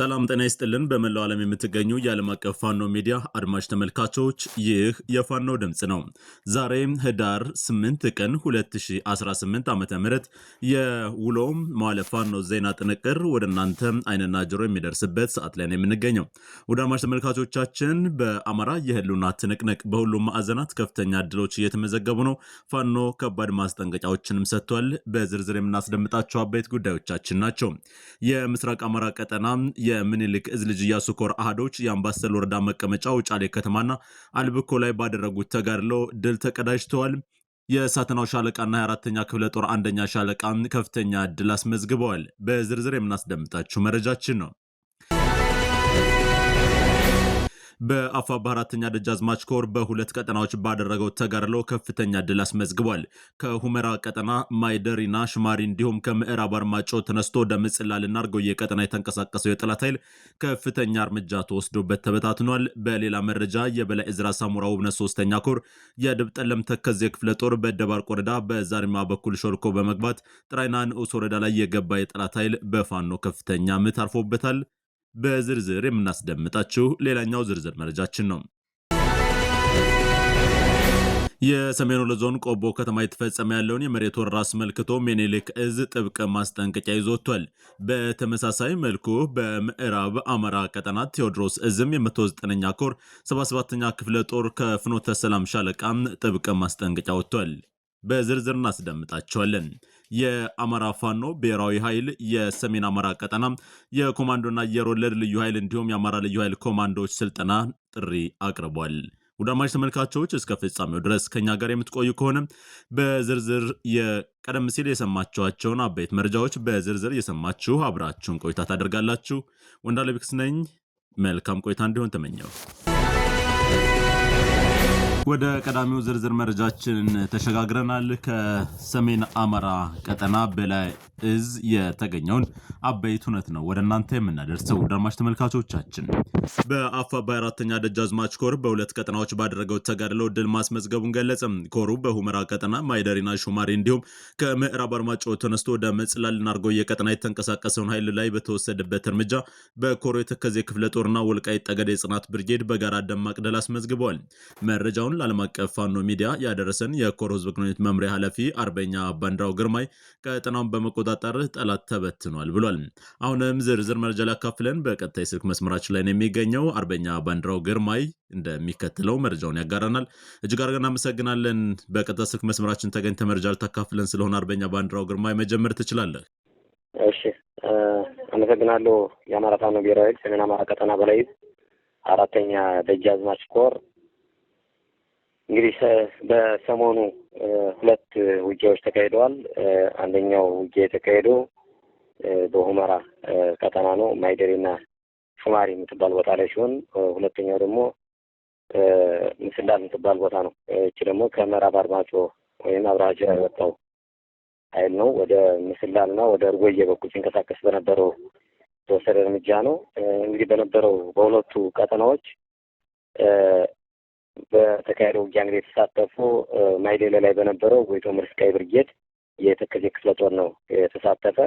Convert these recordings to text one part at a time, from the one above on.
ሰላም ጤና ይስጥልን። በመላው ዓለም የምትገኙ የዓለም አቀፍ ፋኖ ሚዲያ አድማጭ ተመልካቾች ይህ የፋኖ ድምፅ ነው። ዛሬም ህዳር 8 ቀን 2018 ዓ ም የውሎም ማለ ፋኖ ዜና ጥንቅር ወደ እናንተ አይንና ጆሮ የሚደርስበት ሰዓት ላይ ነው የምንገኘው። ወደ አድማጭ ተመልካቾቻችን በአማራ የህሉና ትንቅንቅ በሁሉም ማዕዘናት ከፍተኛ ድሎች እየተመዘገቡ ነው። ፋኖ ከባድ ማስጠንቀቂያዎችንም ሰጥቷል። በዝርዝር የምናስደምጣቸው አበይት ጉዳዮቻችን ናቸው። የምስራቅ አማራ ቀጠና የምኒልክ እዝ ልጅ ኮር አህዶች የአምባሰል ወረዳ መቀመጫ ውጫሌ ከተማና አልብኮ ላይ ባደረጉት ተጋድሎ ድል ተቀዳጅተዋል። የሳተናው ሻለቃና 24ተኛ ክፍለ ጦር አንደኛ ሻለቃ ከፍተኛ ድል አስመዝግበዋል። በዝርዝር የምናስደምጣችሁ መረጃችን ነው። በአፋ በአራተኛ ደጃዝማች ኮር በሁለት ቀጠናዎች ባደረገው ተጋድሎ ከፍተኛ ድል አስመዝግቧል። ከሁመራ ቀጠና ማይደሪና ሽማሪ እንዲሁም ከምዕራብ አርማጮ ተነስቶ ወደ ምጽላልና አርጎዬ የቀጠና የተንቀሳቀሰው የጠላት ኃይል ከፍተኛ እርምጃ ተወስዶበት ተበታትኗል። በሌላ መረጃ የበላይ እዝራ ሳሙራ ውብነት ሶስተኛ ኮር የድብ ጠለም ተከዜ ክፍለ ጦር በደባርቅ ወረዳ በዛሪማ በኩል ሾልኮ በመግባት ጥራይና ንዑስ ወረዳ ላይ የገባ የጠላት ኃይል በፋኖ ከፍተኛ ምት አርፎበታል። በዝርዝር የምናስደምጣችሁ ሌላኛው ዝርዝር መረጃችን ነው። የሰሜን ወሎ ዞን ቆቦ ከተማ የተፈጸመ ያለውን የመሬት ወረራ አስመልክቶ ሜኔሊክ እዝ ጥብቅ ማስጠንቀቂያ ይዞቷል። በተመሳሳይ መልኩ በምዕራብ አማራ ቀጠና ቴዎድሮስ እዝም የ109ኛ ኮር 77ኛ ክፍለ ጦር ከፍኖተ ሰላም ሻለቃም ጥብቅ ማስጠንቀቂያ ወጥቷል። በዝርዝር እናስደምጣቸዋለን። የአማራ ፋኖ ብሔራዊ ኃይል የሰሜን አማራ ቀጠና የኮማንዶና አየር ወለድ ልዩ ኃይል እንዲሁም የአማራ ልዩ ኃይል ኮማንዶዎች ስልጠና ጥሪ አቅርቧል። ውዳማሽ ተመልካቾች እስከ ፍጻሜው ድረስ ከኛ ጋር የምትቆዩ ከሆነ በዝርዝር የቀደም ሲል የሰማችኋቸውን አበይት መረጃዎች በዝርዝር የሰማችሁ አብራችሁን ቆይታ ታደርጋላችሁ። ወንዳለቢክስ ነኝ። መልካም ቆይታ እንዲሆን ተመኘው። ወደ ቀዳሚው ዝርዝር መረጃችን ተሸጋግረናል። ከሰሜን አማራ ቀጠና በላይ እዝ የተገኘውን አበይት እውነት ነው ወደ እናንተ የምናደርሰው ደማሽ ተመልካቾቻችን። በአፋባይ አራተኛ ደጃዝማች ኮር በሁለት ቀጠናዎች ባደረገው ተጋድለው ድል ማስመዝገቡን ገለጸ። ኮሩ በሁመራ ቀጠና ማይደሪና ሹማሪ እንዲሁም ከምዕራብ አርማጭሆ ተነስቶ ወደ መጽላል አርጎየ የቀጠና የተንቀሳቀሰውን ኃይል ላይ በተወሰደበት እርምጃ በኮሮ የተከዜ ክፍለ ጦርና ወልቃይት ጠገዴ የጽናት ብርጌድ በጋራ ደማቅ ድል አስመዝግበዋል። መረጃውን መረጃውን ለዓለም አቀፍ ፋኖ ሚዲያ ያደረሰን የኮር ህዝብ ግንኙነት መምሪያ ኃላፊ አርበኛ ባንዲራው ግርማይ ቀጠናውን በመቆጣጠር ጠላት ተበትኗል ብሏል። አሁንም ዝርዝር መረጃ ሊያካፍለን በቀጥታ የስልክ መስመራችን ላይ ነው የሚገኘው። አርበኛ ባንዲራው ግርማይ እንደሚከተለው መረጃውን ያጋራናል። እጅግ አድርገን እናመሰግናለን። በቀጥታ ስልክ መስመራችን ተገኝተ መረጃ ልታካፍለን ስለሆነ አርበኛ ባንዲራው ግርማይ መጀመር ትችላለህ። እሺ አመሰግናለሁ። የአማራ ፋኖ ብሔራዊ ሰሜን አማራ ቀጠና በላይ አራተኛ ደጃዝማች ኮር እንግዲህ በሰሞኑ ሁለት ውጊያዎች ተካሂደዋል። አንደኛው ውጊያ የተካሄደው በሁመራ ቀጠና ነው፣ ማይደሬና ሹማሪ የምትባል ቦታ ላይ ሲሆን ሁለተኛው ደግሞ ምስላ የምትባል ቦታ ነው። እቺ ደግሞ ከምዕራብ አርማጮ ወይም አብረሃጅራ የወጣው ኃይል ነው። ወደ ምስላልና ወደ እርጎዬ በኩል ሲንቀሳቀስ በነበረው የተወሰደ እርምጃ ነው። እንግዲህ በነበረው በሁለቱ ቀጠናዎች በተካሄደው ውጊያ እንግዲህ የተሳተፉ ማይሌለ ላይ በነበረው ወይቶ ምርስቃይ ብርጌድ የተከዜ ክፍለ ጦር ነው የተሳተፈ።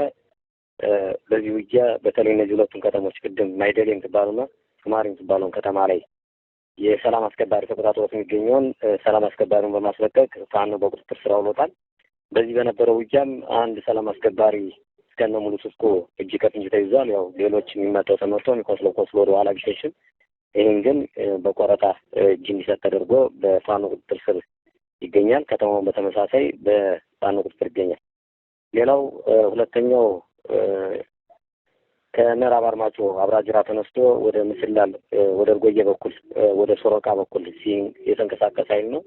በዚህ ውጊያ በተለይ እነዚህ ሁለቱን ከተሞች ቅድም ማይደሌ የምትባሉና ሱማሪ የምትባለውን ከተማ ላይ የሰላም አስከባሪ ተቆጣጥሮት የሚገኘውን ሰላም አስከባሪውን በማስለቀቅ ፋኖ በቁጥጥር ስራ አውሎታል። በዚህ በነበረው ውጊያም አንድ ሰላም አስከባሪ እስከነ ሙሉ ትጥቁ እጅ ከፍንጅ ተይዟል። ያው ሌሎች የሚመጣው ተመርቶ የሚቆስለው ቆስሎ ወደ ኋላ ቢሸሽም ይህን ግን በቆረጣ እጅ እንዲሰጥ ተደርጎ በፋኖ ቁጥጥር ስር ይገኛል። ከተማውን በተመሳሳይ በፋኖ ቁጥጥር ይገኛል። ሌላው ሁለተኛው ከምዕራብ አርማጮ አብራጅራ ተነስቶ ወደ ምስላል ወደ እርጎየ በኩል ወደ ሶሮቃ በኩል የተንቀሳቀሰ ኃይል ነው።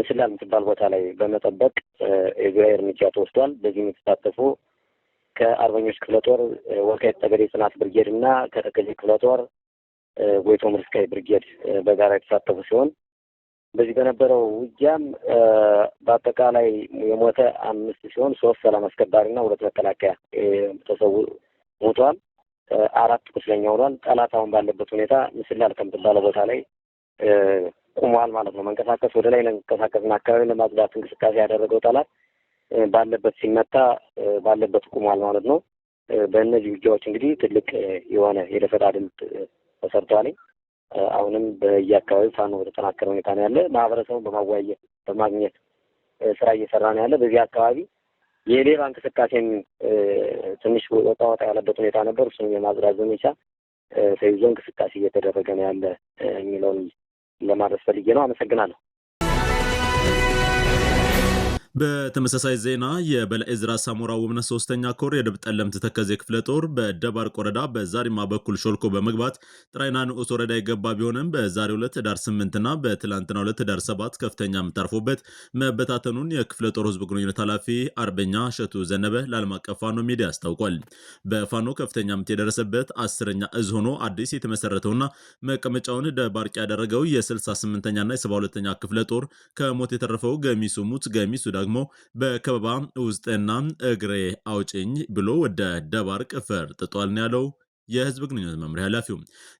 ምስላል የምትባል ቦታ ላይ በመጠበቅ የግራ እርምጃ ተወስዷል። በዚህ የተሳተፉ ከአርበኞች ክፍለ ጦር ወልቃይት ጠገዴ ጽናት ብርጌድ እና ከተከዜ ክፍለ ጦር ጎይቶ ምርስካይ ብርጌድ በጋራ የተሳተፉ ሲሆን በዚህ በነበረው ውጊያም በአጠቃላይ የሞተ አምስት ሲሆን ሶስት ሰላም አስከባሪና ሁለት መከላከያ ተሰው ሞቷል። አራት ቁስለኛ ሆኗል። ጠላት አሁን ባለበት ሁኔታ ምስላል ከምትባለው ቦታ ላይ ቁሟል ማለት ነው። መንቀሳቀስ ወደ ላይ ለመንቀሳቀስና አካባቢ ለማጽዳት እንቅስቃሴ ያደረገው ጠላት ባለበት ሲመታ ባለበት ቁሟል ማለት ነው። በእነዚህ ውጊያዎች እንግዲህ ትልቅ የሆነ የደፈጣ ድል ተሰርቷል። አሁንም በየአካባቢው ፋኖ በተጠናከረ ሁኔታ ነው ያለ። ማህበረሰቡን በማወያየት በማግኘት ስራ እየሰራ ነው ያለ። በዚህ አካባቢ የሌባ እንቅስቃሴም ትንሽ ወጣ ወጣ ያለበት ሁኔታ ነበር። እሱንም የማዝራት ዘመቻ ተይዞ እንቅስቃሴ እየተደረገ ነው ያለ የሚለውን ለማድረስ ፈልጌ ነው። አመሰግናለሁ። በተመሳሳይ ዜና የበላይ ዕዝ ራስ ሶስተኛ ኮር የድብ ጠለምት ተከዜ ክፍለ ጦር በደባርቅ ወረዳ በዛሪማ በኩል ሾልኮ በመግባት ጥራይና ንዑስ ወረዳ የገባ ቢሆንም በዛሬ ሁለት ህዳር 8 ና በትላንትናው ዕለት ህዳር ሰባት ከፍተኛ የምታርፎበት መበታተኑን የክፍለ ጦር ህዝብ ግንኙነት ኃላፊ አርበኛ እሸቱ ዘነበ ለዓለም አቀፍ ፋኖ ሚዲያ አስታውቋል። በፋኖ ከፍተኛ ምት የደረሰበት አስረኛ እዝ ሆኖ አዲስ የተመሰረተውና መቀመጫውን ደባርቅ ያደረገው የ68ኛና የ72ኛ ክፍለ ጦር ከሞት የተረፈው ገሚሱ ሙት ገሚሱ ደግሞ በከበባ ውስጥና እግሬ አውጭኝ ብሎ ወደ ደባርቅ ፈርጥጧል ነው ያለው የህዝብ ግንኙነት መምሪያ ኃላፊው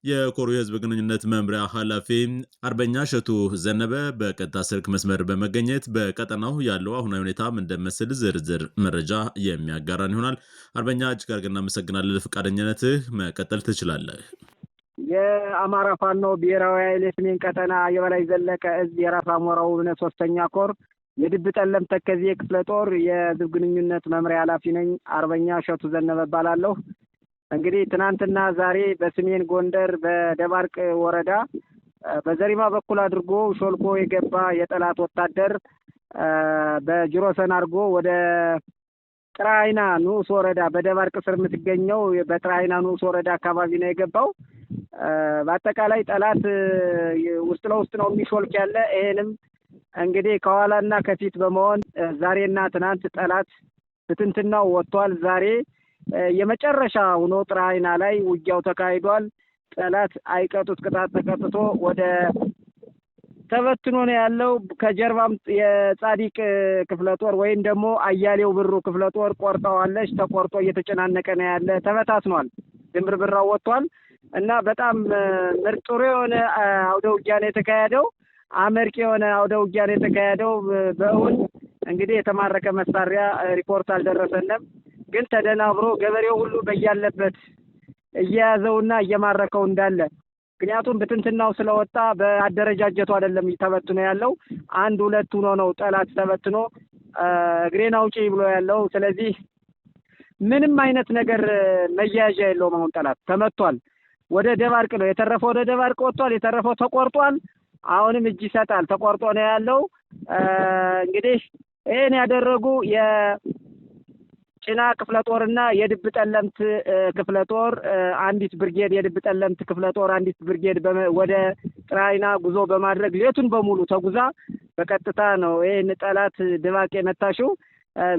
የኮሩ የህዝብ ግንኙነት መምሪያ ኃላፊ አርበኛ ሸቱ ዘነበ በቀጥታ ስልክ መስመር በመገኘት በቀጠናው ያለው አሁናዊ ሁኔታ እንደሚመስል ዝርዝር መረጃ የሚያጋራን ይሆናል። አርበኛ እጅ ጋር እናመሰግናለን ለፈቃደኝነትህ። መቀጠል ትችላለህ። የአማራ ፋኖ ብሔራዊ ኃይል የሰሜን ቀጠና የበላይ ዘለቀ እዝ የራስ አሞራው እምነት ሶስተኛ ኮር የድብ ጠለም ተከዜ ክፍለ ጦር የህዝብ ግንኙነት መምሪያ ኃላፊ ነኝ። አርበኛ እሸቱ ዘነበ እባላለሁ። እንግዲህ ትናንትና ዛሬ በሰሜን ጎንደር በደባርቅ ወረዳ በዘሪማ በኩል አድርጎ ሾልኮ የገባ የጠላት ወታደር በጅሮሰን አድርጎ ወደ ጥራይና ንዑስ ወረዳ በደባርቅ ስር የምትገኘው በጥራይና ንዑስ ወረዳ አካባቢ ነው የገባው። በአጠቃላይ ጠላት ውስጥ ለውስጥ ነው የሚሾልክ ያለ። ይሄንም እንግዲህ ከኋላና ከፊት በመሆን ዛሬና ትናንት ጠላት ብትንትናው ወጥቷል። ዛሬ የመጨረሻ ሆኖ ጥራይና ላይ ውጊያው ተካሂዷል። ጠላት አይቀጡት ቅጣት ተቀጥቶ ወደ ተበትኖ ነው ያለው። ከጀርባም የጻዲቅ ክፍለ ጦር ወይም ደግሞ አያሌው ብሩ ክፍለ ጦር ቆርጠዋለች። ተቆርጦ እየተጨናነቀ ነው ያለ። ተበታትኗል። ድንብርብራው ወጥቷል እና በጣም ምርጥ የሆነ አውደ ውጊያ ነው የተካሄደው። አመርቂ የሆነ አውደ ውጊያ ነው የተካሄደው። በእውን እንግዲህ የተማረከ መሳሪያ ሪፖርት አልደረሰንም፣ ግን ተደናብሮ ገበሬው ሁሉ በያለበት እየያዘውና እየማረከው እንዳለ ምክንያቱም ብትንትናው ስለወጣ በአደረጃጀቱ አይደለም ተበትኖ ያለው አንድ ሁለት ሆኖ ነው ጠላት ተበትኖ እግሬን አውጪ ብሎ ያለው። ስለዚህ ምንም አይነት ነገር መያያዣ የለውም። አሁን ጠላት ተመቷል። ወደ ደባርቅ ነው የተረፈው። ወደ ደባርቅ ወጥቷል። የተረፈው ተቆርጧል። አሁንም እጅ ይሰጣል። ተቆርጦ ነው ያለው። እንግዲህ ይህን ያደረጉ የጭና ክፍለ ጦርና የድብ ጠለምት ክፍለ ጦር አንዲት ብርጌድ፣ የድብ ጠለምት ክፍለ ጦር አንዲት ብርጌድ ወደ ጥራይና ጉዞ በማድረግ ሌቱን በሙሉ ተጉዛ በቀጥታ ነው ይህን ጠላት ድባቅ የመታሽው።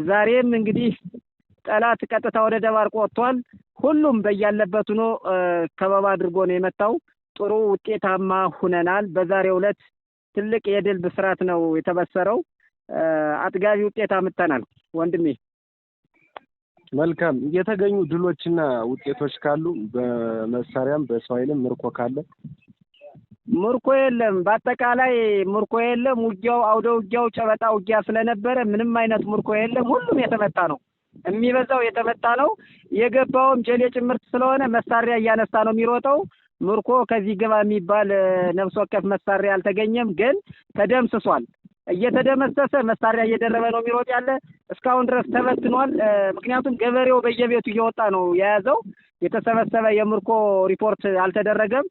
ዛሬም እንግዲህ ጠላት ቀጥታ ወደ ደባርቅ ወጥቷል። ሁሉም በያለበት ሆኖ ከበባ አድርጎ ነው የመታው። ጥሩ ውጤታማ ሁነናል። በዛሬው ዕለት ትልቅ የድል ብስራት ነው የተበሰረው። አጥጋቢ ውጤት አምጥተናል ወንድሜ። መልካም የተገኙ ድሎችና ውጤቶች ካሉ በመሳሪያም በሰው ኃይልም ምርኮ ካለ ምርኮ የለም። በአጠቃላይ ምርኮ የለም። ውጊያው አውደ ውጊያው ጨበጣ ውጊያ ስለነበረ ምንም አይነት ምርኮ የለም። ሁሉም የተመታ ነው። የሚበዛው የተመታ ነው። የገባውም ጀሌ ጭምርት ስለሆነ መሳሪያ እያነሳ ነው የሚሮጠው። ምርኮ ከዚህ ግባ የሚባል ነፍስ ወከፍ መሳሪያ አልተገኘም፣ ግን ተደምስሷል። እየተደመሰሰ መሳሪያ እየደረበ ነው የሚሮጥ ያለ። እስካሁን ድረስ ተበትኗል። ምክንያቱም ገበሬው በየቤቱ እየወጣ ነው የያዘው። የተሰበሰበ የምርኮ ሪፖርት አልተደረገም።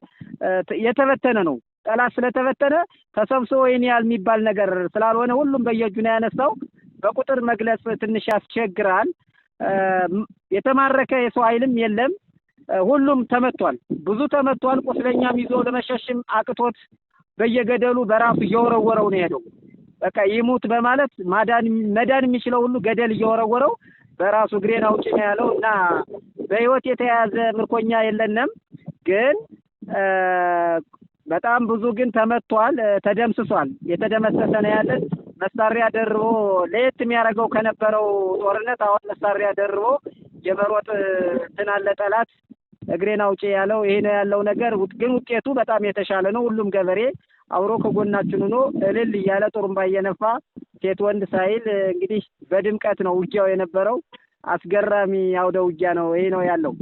የተበተነ ነው። ጠላት ስለተበተነ ተሰብስቦ ይህን ያህል የሚባል ነገር ስላልሆነ ሁሉም በየእጁ ነው ያነሳው። በቁጥር መግለጽ ትንሽ ያስቸግራል። የተማረከ የሰው ኃይልም የለም። ሁሉም ተመቷል። ብዙ ተመቷል። ቁስለኛም ይዞ ለመሸሽም አቅቶት በየገደሉ በራሱ እየወረወረው ነው የሄደው። በቃ ይሙት በማለት ማዳን መዳን የሚችለው ሁሉ ገደል እየወረወረው በራሱ እግሬን አውጪ ነው ያለው እና በህይወት የተያያዘ ምርኮኛ የለንም፣ ግን በጣም ብዙ ግን ተመቷል፣ ተደምስሷል። የተደመሰሰ ነው ያለን መሳሪያ ደርቦ ለየት የሚያደርገው ከነበረው ጦርነት አሁን መሳሪያ ደርቦ የመሮጥ እንትን አለ ጠላት እግሬን አውጪ ያለው ይሄ ነው ያለው ነገር ግን ውጤቱ በጣም የተሻለ ነው። ሁሉም ገበሬ አብሮ ከጎናችን ሆኖ እልል እያለ ጡሩምባ እየነፋ ሴት ወንድ ሳይል እንግዲህ በድምቀት ነው ውጊያው የነበረው። አስገራሚ አውደ ውጊያ ነው። ይሄ ነው ያለው።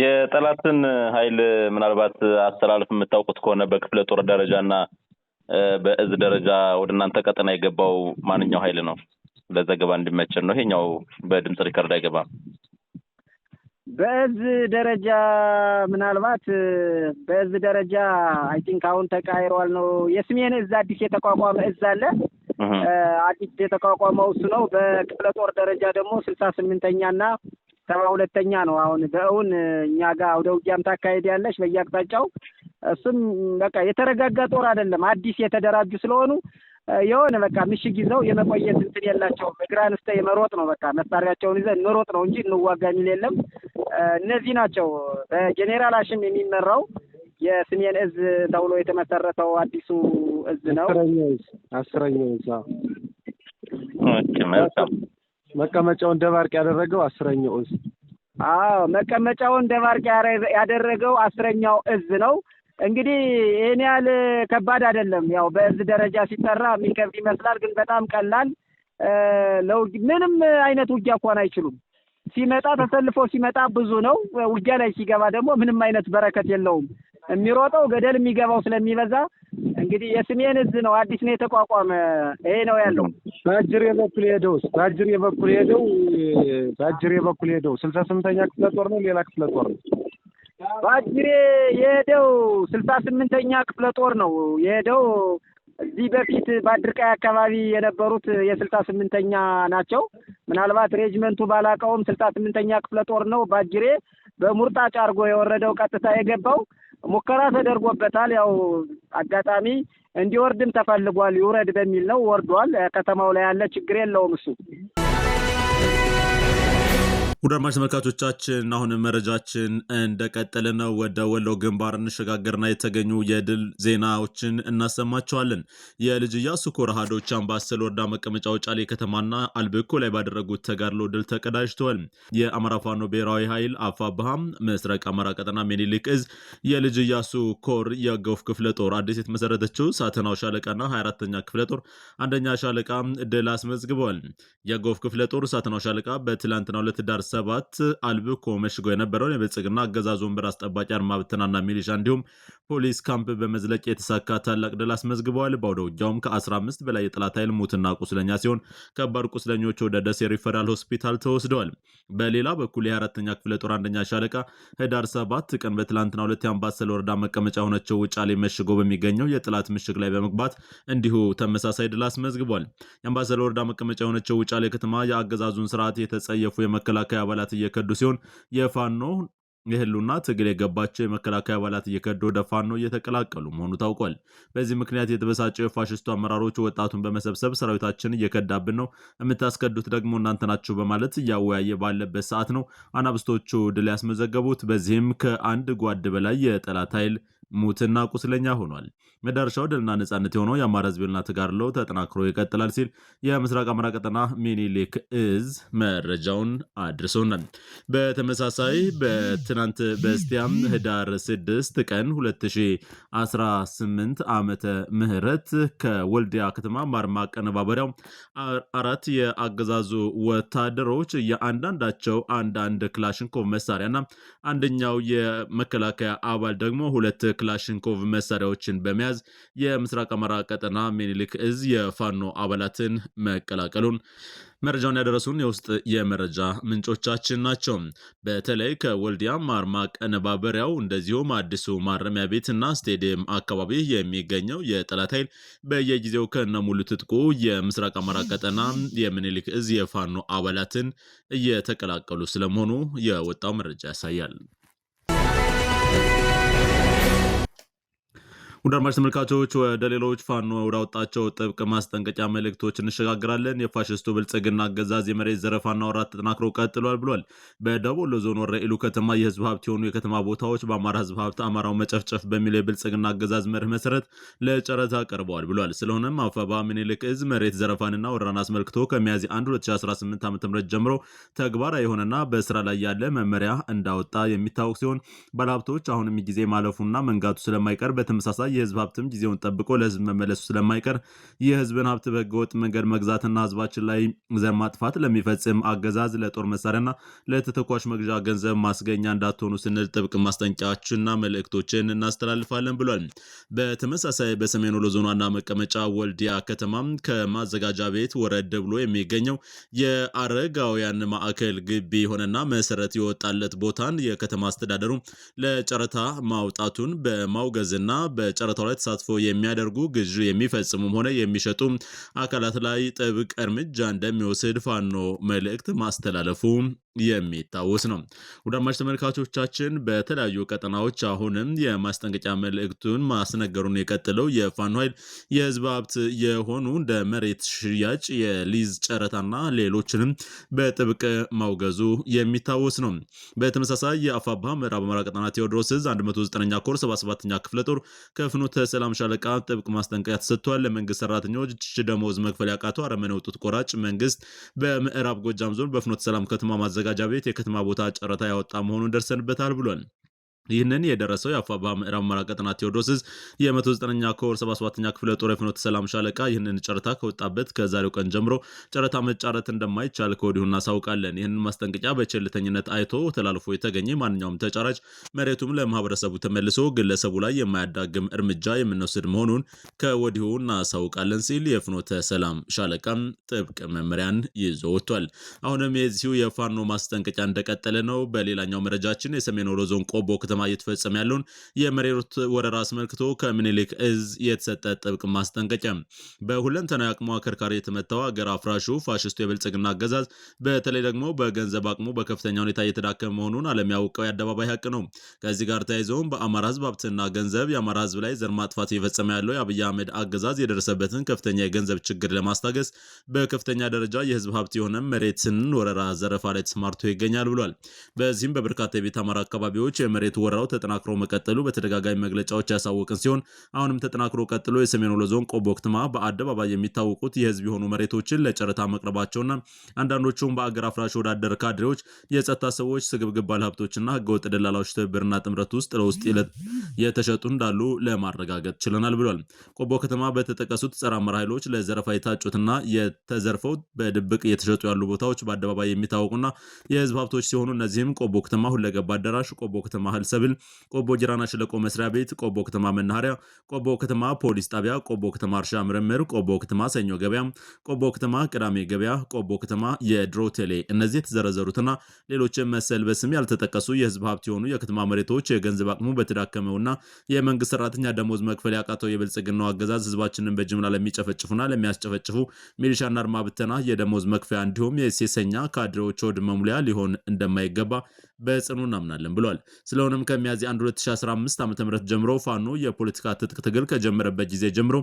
የጠላትን ኃይል ምናልባት አስተላለፍ የምታውቁት ከሆነ በክፍለ ጦር እና በእዝ ደረጃ ወደ እናንተ ቀጠና የገባው ማንኛው ኃይል ነው? ለዘገባ እንዲመቸን ነው። ይሄኛው በድምፅ ሪከርድ አይገባም። በእዝ ደረጃ ምናልባት በእዝ ደረጃ አይ ቲንክ አሁን ተቃይሯል ነው የስሜን እዝ አዲስ የተቋቋመ እዝ አለ። አዲስ የተቋቋመው እሱ ነው። በክፍለ ጦር ደረጃ ደግሞ ስልሳ ስምንተኛ እና ሰባ ሁለተኛ ነው። አሁን በእውን እኛ ጋር አውደ ውጊያም ታካሄድ ያለች በየአቅጣጫው እሱም በቃ የተረጋጋ ጦር አይደለም። አዲስ የተደራጁ ስለሆኑ የሆነ በቃ ምሽግ ይዘው የመቆየት እንትን የላቸውም። እግር አንስተ የመሮጥ ነው በቃ መሳሪያቸውን ይዘ እንሮጥ ነው እንጂ እንዋጋ የሚል የለም። እነዚህ ናቸው በጄኔራል አሽም የሚመራው የስሜን እዝ ተብሎ የተመሰረተው አዲሱ እዝ ነው። አስረኛው እዝ መቀመጫውን ደባርቅ ያደረገው አስረኛው እዝ። አዎ መቀመጫውን ደባርቅ ያደረገው አስረኛው እዝ ነው። እንግዲህ ይህን ያህል ከባድ አይደለም። ያው በዚህ ደረጃ ሲጠራ የሚከብድ ይመስላል፣ ግን በጣም ቀላል ምንም አይነት ውጊያ እንኳን አይችሉም። ሲመጣ ተሰልፎ ሲመጣ ብዙ ነው። ውጊያ ላይ ሲገባ ደግሞ ምንም አይነት በረከት የለውም። የሚሮጠው ገደል የሚገባው ስለሚበዛ እንግዲህ የስሜን እዝ ነው አዲስ ነው የተቋቋመ። ይሄ ነው ያለው። ታጅሬ በኩል ሄደው ታጅሬ በኩል ሄደው ታጅሬ በኩል ሄደው ስልሳ ስምንተኛ ክፍለ ጦር ነው ሌላ ክፍለ ጦር ነው ባጅሬ የሄደው ስልሳ ስምንተኛ ክፍለ ጦር ነው የሄደው። እዚህ በፊት በአድርቃይ አካባቢ የነበሩት የስልሳ ስምንተኛ ናቸው። ምናልባት ሬጅመንቱ ባላውቀውም ስልሳ ስምንተኛ ክፍለ ጦር ነው። ባጅሬ በሙርጣጫ አርጎ የወረደው ቀጥታ የገባው ሙከራ ተደርጎበታል። ያው አጋጣሚ እንዲወርድም ተፈልጓል። ይውረድ በሚል ነው ወርዷል። ከተማው ላይ ያለ ችግር የለውም እሱ ውድ አድማጭ ተመልካቾቻችን አሁን መረጃችን እንደቀጠለ ነው። ወደ ወሎ ግንባር እንሸጋገርና የተገኙ የድል ዜናዎችን እናሰማቸዋለን። የልጅ ኢያሱ ኮር አሃዶች አምባሰል ወረዳ መቀመጫው ጫሌ ከተማና አልብኮ ላይ ባደረጉት ተጋድሎ ድል ተቀዳጅተዋል። የአማራ ፋኖ ብሔራዊ ኃይል ብሃም ምስረቅ አማራ ቀጠና ሜኒሊክ እዝ የልጅ ኢያሱ ኮር የገውፍ ክፍለ ጦር አዲስ የተመሰረተችው ሳተናው ሻለቃና 24ተኛ ክፍለ ጦር አንደኛ ሻለቃ ድል አስመዝግበዋል። የገውፍ ክፍለ ጦር ሳተናው ሻለቃ በትላንትና ሁለት ዳር ሰባት አልብኮ መሽጎ የነበረውን የብልጽግና አገዛዝ ወንበር አስጠባቂ አድማ ብተናና ሚሊሻ እንዲሁም ፖሊስ ካምፕ በመዝለቅ የተሳካ ታላቅ ድል አስመዝግበዋል። በአውደ ውጊያውም ከ15 በላይ የጠላት ኃይል ሙትና ቁስለኛ ሲሆን ከባድ ቁስለኞች ወደ ደሴ ሪፈራል ሆስፒታል ተወስደዋል። በሌላ በኩል የ ክፍለ ጦር አንደኛ ሻለቃ ህዳር ሰባት ቀን በትላንትና ሁለት የአምባሰል ወረዳ መቀመጫ የሆነችው ውጫሌ መሽጎ በሚገኘው የጠላት ምሽግ ላይ በመግባት እንዲሁ ተመሳሳይ ድል አስመዝግቧል። የአምባሰል ወረዳ መቀመጫ የሆነችው ውጫሌ ከተማ የአገዛዙን ስርዓት የተጸየፉ የመከላከያ የመከላከያ አባላት እየከዱ ሲሆን የፋኖ የህሉና ትግል የገባቸው የመከላከያ አባላት እየከዱ ወደ ፋኖ እየተቀላቀሉ መሆኑ ታውቋል። በዚህ ምክንያት የተበሳጨው የፋሽስቱ አመራሮች ወጣቱን በመሰብሰብ ሰራዊታችን እየከዳብን ነው፣ የምታስከዱት ደግሞ እናንተ ናችሁ በማለት እያወያየ ባለበት ሰዓት ነው አናብስቶቹ ድል ያስመዘገቡት። በዚህም ከአንድ ጓድ በላይ የጠላት ኃይል ሙትና ቁስለኛ ሆኗል። መዳረሻው ድልና ነጻነት የሆነው የአማራ ህዝብና ተጋድሎ ተጠናክሮ ይቀጥላል ሲል የምስራቅ አማራ ቀጠና ሚኒሊክ እዝ መረጃውን አድርሶናል። በተመሳሳይ በትናንት በስቲያም ህዳር 6 ቀን 2018 ዓመተ ምህረት ከወልዲያ ከተማ ማርማ አቀነባበሪያው አራት የአገዛዙ ወታደሮች የአንዳንዳቸው አንዳንድ ክላሽንኮቭ መሳሪያና አንደኛው የመከላከያ አባል ደግሞ ሁለት ክላሽንኮቭ መሳሪያዎችን በመያዝ በመያዝ የምስራቅ አማራ ቀጠና ሜኒሊክ እዝ የፋኖ አባላትን መቀላቀሉን መረጃውን ያደረሱን የውስጥ የመረጃ ምንጮቻችን ናቸው። በተለይ ከወልዲያ ማርማ ቀነባበሪያው፣ እንደዚሁም አዲሱ ማረሚያ ቤትና ስቴዲየም አካባቢ የሚገኘው የጠላት ኃይል በየጊዜው ከነሙሉ ትጥቁ የምስራቅ አማራ ቀጠና የምኒልክ እዝ የፋኖ አባላትን እየተቀላቀሉ ስለመሆኑ የወጣው መረጃ ያሳያል። ውድ ተመልካቾች ወደ ሌሎች ፋኖ ወዳወጣቸው ጥብቅ ማስጠንቀቂያ መልእክቶች እንሸጋግራለን። የፋሽስቱ ብልጽግና አገዛዝ የመሬት ዘረፋና ወራት ተጠናክሮ ቀጥሏል ብሏል። በደቡብ ወሎ ዞን ወረኢሉ ከተማ የህዝብ ሀብት የሆኑ የከተማ ቦታዎች በአማራ ህዝብ ሀብት አማራው መጨፍጨፍ በሚል የብልጽግና አገዛዝ መርህ መሰረት ለጨረታ ቀርበዋል ብሏል። ስለሆነም አፈባ ምኒልክ እዝ መሬት ዘረፋንና ወራን አስመልክቶ ከሚያዝያ 1 2018 ዓ ም ጀምሮ ተግባራዊ የሆነና በስራ ላይ ያለ መመሪያ እንዳወጣ የሚታወቅ ሲሆን ባለሀብቶች አሁንም ጊዜ ማለፉና መንጋቱ ስለማይቀር በተመሳሳይ የህዝብ ሀብትም ጊዜውን ጠብቆ ለህዝብ መመለሱ ስለማይቀር የህዝብን ሀብት በህገወጥ መንገድ መግዛትና ህዝባችን ላይ ዘር ማጥፋት ለሚፈጽም አገዛዝ ለጦር መሳሪያና ለተተኳሽ መግዣ ገንዘብ ማስገኛ እንዳትሆኑ ስንል ጥብቅ ማስጠንቀቂያዎችንና መልእክቶችን እናስተላልፋለን ብሏል። በተመሳሳይ በሰሜን ወሎ ዞን ዋና መቀመጫ ወልዲያ ከተማ ከማዘጋጃ ቤት ወረድ ብሎ የሚገኘው የአረጋውያን ማዕከል ግቢ የሆነና መሰረት የወጣለት ቦታን የከተማ አስተዳደሩ ለጨረታ ማውጣቱን በማውገዝና በጨረታው ላይ ተሳትፎ የሚያደርጉ ግዥ የሚፈጽሙም ሆነ የሚሸጡ አካላት ላይ ጥብቅ እርምጃ እንደሚወስድ ፋኖ መልእክት ማስተላለፉ የሚታወስ ነው። ውዳማች ተመልካቾቻችን በተለያዩ ቀጠናዎች አሁንም የማስጠንቀቂያ መልእክቱን ማስነገሩን የቀጥለው የፋኖ ኃይል የህዝብ ሀብት የሆኑ እንደ መሬት ሽያጭ፣ የሊዝ ጨረታና ሌሎችንም በጥብቅ ማውገዙ የሚታወስ ነው። በተመሳሳይ የአፋባ ምዕራብ አማራ ቀጠና ቴዎድሮስ ዕዝ 19ኛ ኮር 77ኛ ክፍለ ጦር ከፍኖተ ሰላም ሻለቃ ጥብቅ ማስጠንቀቂያ ተሰጥቷል። ለመንግስት ሰራተኞች ደሞዝ መክፈል ያቃተው አረመኔ ቆራጭ መንግስት በምዕራብ ጎጃም ዞን በፍኖተ ሰላም ከተማ ማዘጋጃ ቤት የከተማ ቦታ ጨረታ ያወጣ መሆኑን ደርሰንበታል ብሏል። ይህንን የደረሰው የአፋባ ምዕራብ አማራ ቀጠና ቴዎድሮስ የ19ኛ ኮር 77ኛ ክፍለ ጦር የፍኖተ ሰላም ሻለቃ ይህንን ጨረታ ከወጣበት ከዛሬው ቀን ጀምሮ ጨረታ መጫረት እንደማይቻል ከወዲሁ እናሳውቃለን። ይህንን ማስጠንቀቂያ በቸልተኝነት አይቶ ተላልፎ የተገኘ ማንኛውም ተጫራጭ መሬቱም ለማህበረሰቡ ተመልሶ ግለሰቡ ላይ የማያዳግም እርምጃ የምንወስድ መሆኑን ከወዲሁ እናሳውቃለን ሲል የፍኖተ ሰላም ሻለቃም ጥብቅ መመሪያን ይዞ ወጥቷል። አሁንም የዚሁ የፋኖ ማስጠንቀቂያ እንደቀጠለ ነው። በሌላኛው መረጃችን የሰሜን ወሎ ዞን ቆቦ ከተማ ከተማ እየተፈጸመ ያለውን የመሬት ወረራ አስመልክቶ ከምኒልክ እዝ የተሰጠ ጥብቅ ማስጠንቀቂያ። በሁለንተናዊ አቅሙ አከርካሪ የተመታው ሀገር አፍራሹ ፋሽስቱ የብልጽግና አገዛዝ በተለይ ደግሞ በገንዘብ አቅሙ በከፍተኛ ሁኔታ እየተዳከመ መሆኑን ዓለም ያውቀው የአደባባይ ሀቅ ነው። ከዚህ ጋር ተያይዘውም በአማራ ህዝብ ሀብትና ገንዘብ የአማራ ህዝብ ላይ ዘር ማጥፋት እየፈጸመ ያለው የአብይ አህመድ አገዛዝ የደረሰበትን ከፍተኛ የገንዘብ ችግር ለማስታገስ በከፍተኛ ደረጃ የህዝብ ሀብት የሆነ መሬትን ወረራ ዘረፋ ላይ ተሰማርቶ ይገኛል ብሏል። በዚህም በበርካታ የቤት አማራ አካባቢዎች የመሬት ወረራው ተጠናክሮ መቀጠሉ በተደጋጋሚ መግለጫዎች ያሳወቅን ሲሆን አሁንም ተጠናክሮ ቀጥሎ የሰሜን ወሎ ዞን ቆቦ ከተማ በአደባባይ የሚታወቁት የህዝብ የሆኑ መሬቶችን ለጨረታ መቅረባቸውና አንዳንዶቹም በአገር አፍራሽ ወዳደር ካድሬዎች፣ የጸጥታ ሰዎች፣ ስግብግብ ባለሀብቶችና ህገወጥ ደላላዎች ትብብርና ጥምረት ውስጥ ለውስጥ የተሸጡ እንዳሉ ለማረጋገጥ ችለናል ብሏል። ቆቦ ከተማ በተጠቀሱት ጸረ አማራ ኃይሎች ለዘረፋ የታጩትና የተዘርፈው በድብቅ እየተሸጡ ያሉ ቦታዎች በአደባባይ የሚታወቁና የህዝብ ሀብቶች ሲሆኑ እነዚህም ቆቦ ከተማ ሁለገባ አዳራሽ፣ ቆቦ ከተማ ህልሰ ሰብል፣ ቆቦ ጅራና ሸለቆ መስሪያ ቤት፣ ቆቦ ከተማ መናኸሪያ፣ ቆቦ ከተማ ፖሊስ ጣቢያ፣ ቆቦ ከተማ እርሻ ምርምር፣ ቆቦ ከተማ ሰኞ ገበያ፣ ቆቦ ከተማ ቅዳሜ ገበያ፣ ቆቦ ከተማ የድሮ ቴሌ። እነዚህ የተዘረዘሩትና ሌሎች መሰል በስም ያልተጠቀሱ የህዝብ ሀብት የሆኑ የከተማ መሬቶች የገንዘብ አቅሙ በተዳከመውና የመንግስት ሰራተኛ ደሞዝ መክፈል ያቃተው የብልጽግናው አገዛዝ ህዝባችንን በጅምላ ለሚጨፈጭፉና ለሚያስጨፈጭፉ ሚሊሻና አድማ ብተና የደሞዝ መክፈያ እንዲሁም የሴሰኛ ካድሬዎች ሆድ መሙሊያ ሊሆን እንደማይገባ በጽኑ እናምናለን ብሏል። ስለሆነም ከሚያዝያ 1 2015 ዓ ም ጀምሮ ፋኖ የፖለቲካ ትጥቅ ትግል ከጀመረበት ጊዜ ጀምሮ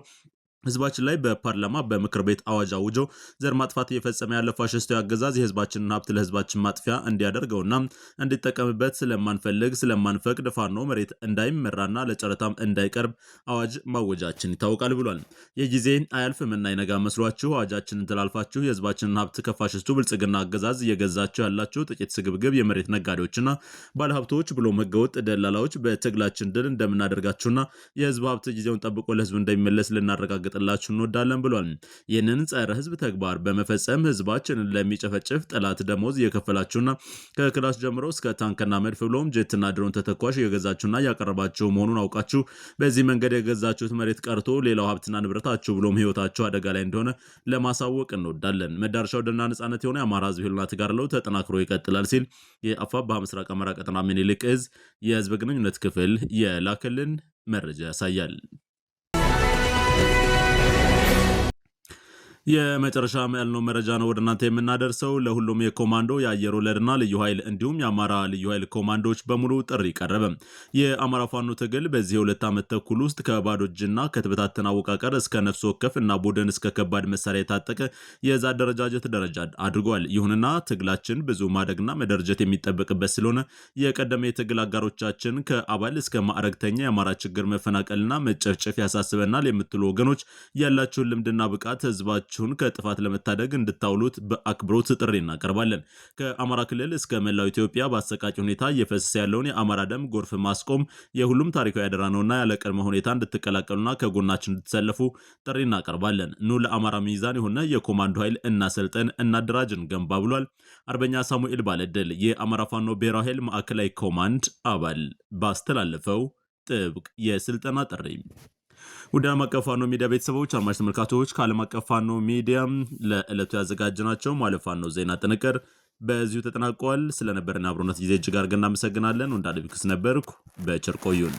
ህዝባችን ላይ በፓርላማ በምክር ቤት አዋጅ አውጆ ዘር ማጥፋት እየፈጸመ ያለ ፋሽስት አገዛዝ የህዝባችንን ሀብት ለህዝባችን ማጥፊያ እንዲያደርገውና እንዲጠቀምበት ስለማንፈልግ ስለማንፈቅድ ፋኖ መሬት እንዳይመራና ለጨረታም እንዳይቀርብ አዋጅ ማወጃችን ይታወቃል ብሏል። ይህ ጊዜ አያልፍም እና ይነጋ መስሏችሁ አዋጃችንን ተላልፋችሁ የህዝባችንን ሀብት ከፋሽስቱ ብልጽግና አገዛዝ እየገዛችሁ ያላችሁ ጥቂት ስግብግብ የመሬት ነጋዴዎችና ባለሀብቶች ብሎም ህገወጥ ደላላዎች በትግላችን ድል እንደምናደርጋችሁና የህዝብ ሀብት ጊዜውን ጠብቆ ለህዝብ እንደሚመለስ ልናረጋግጥ ልናረጋግጥላችሁ እንወዳለን ብሏል። ይህንን ጸረ ህዝብ ተግባር በመፈጸም ህዝባችንን ለሚጨፈጭፍ ጠላት ደሞዝ እየከፈላችሁና ከክላሽ ጀምሮ እስከ ታንክና መድፍ ብሎም ጀትና ድሮን ተተኳሽ እየገዛችሁና እያቀረባችሁ መሆኑን አውቃችሁ በዚህ መንገድ የገዛችሁት መሬት ቀርቶ ሌላው ሀብትና ንብረታችሁ ብሎም ህይወታችሁ አደጋ ላይ እንደሆነ ለማሳወቅ እንወዳለን። መዳረሻው ደና ነጻነት የሆነ የአማራ ህዝብ ህልና ትጋር ለው ተጠናክሮ ይቀጥላል ሲል የአፋብኃ ምስራቅ አማራ ቀጠና ምኒልክ እዝ የህዝብ ግንኙነት ክፍል የላክልን መረጃ ያሳያል። የመጨረሻ ያልነው መረጃ ነው ወደ እናንተ የምናደርሰው። ለሁሉም የኮማንዶ የአየር ወለድና ልዩ ኃይል እንዲሁም የአማራ ልዩ ኃይል ኮማንዶዎች በሙሉ ጥሪ ቀረበ። የአማራ ፋኖ ትግል በዚህ የሁለት ዓመት ተኩል ውስጥ ከባዶ እጅና ከተበታተነ አወቃቀር እስከ ነፍስ ወከፍ እና ቡድን እስከ ከባድ መሳሪያ የታጠቀ የዛ አደረጃጀት ደረጃ አድርጓል። ይሁንና ትግላችን ብዙ ማደግና መደረጀት የሚጠበቅበት ስለሆነ የቀደመ የትግል አጋሮቻችን ከአባል እስከ ማዕረግተኛ የአማራ ችግር መፈናቀልና መጨፍጨፍ ያሳስበናል የምትሉ ወገኖች ያላችሁን ልምድና ብቃት ህዝባችሁ ራሳችሁን ከጥፋት ለመታደግ እንድታውሉት በአክብሮት ጥሪ እናቀርባለን። ከአማራ ክልል እስከ መላው ኢትዮጵያ በአሰቃቂ ሁኔታ እየፈሰሰ ያለውን የአማራ ደም ጎርፍ ማስቆም የሁሉም ታሪካዊ አደራ ነውና ያለ ቅድመ ሁኔታ እንድትቀላቀሉና ከጎናችን እንድትሰለፉ ጥሪ እናቀርባለን። ኑ ለአማራ ሚዛን የሆነ የኮማንዶ ኃይል እናሰልጠን፣ እናደራጅን ገንባ ብሏል አርበኛ ሳሙኤል ባለድል የአማራ ፋኖ ብሔራዊ ኃይል ማዕከላዊ ኮማንድ አባል ባስተላለፈው ጥብቅ የስልጠና ጥሪ ወደ ዓለም አቀፍ ፋኖ ሚዲያ ቤተሰቦች አድማጭ ተመልካቾች ከዓለም አቀፍ ፋኖ ሚዲያ ለዕለቱ ያዘጋጅናቸው ማለት ፋኖ ዜና ጥንቅር በዚሁ ተጠናቋል። ስለነበረን አብሮነት ጊዜ እጅግ አድርገን እናመሰግናለን። ወንዳለ ቢክስ ነበርኩ። በቸር ቆዩን።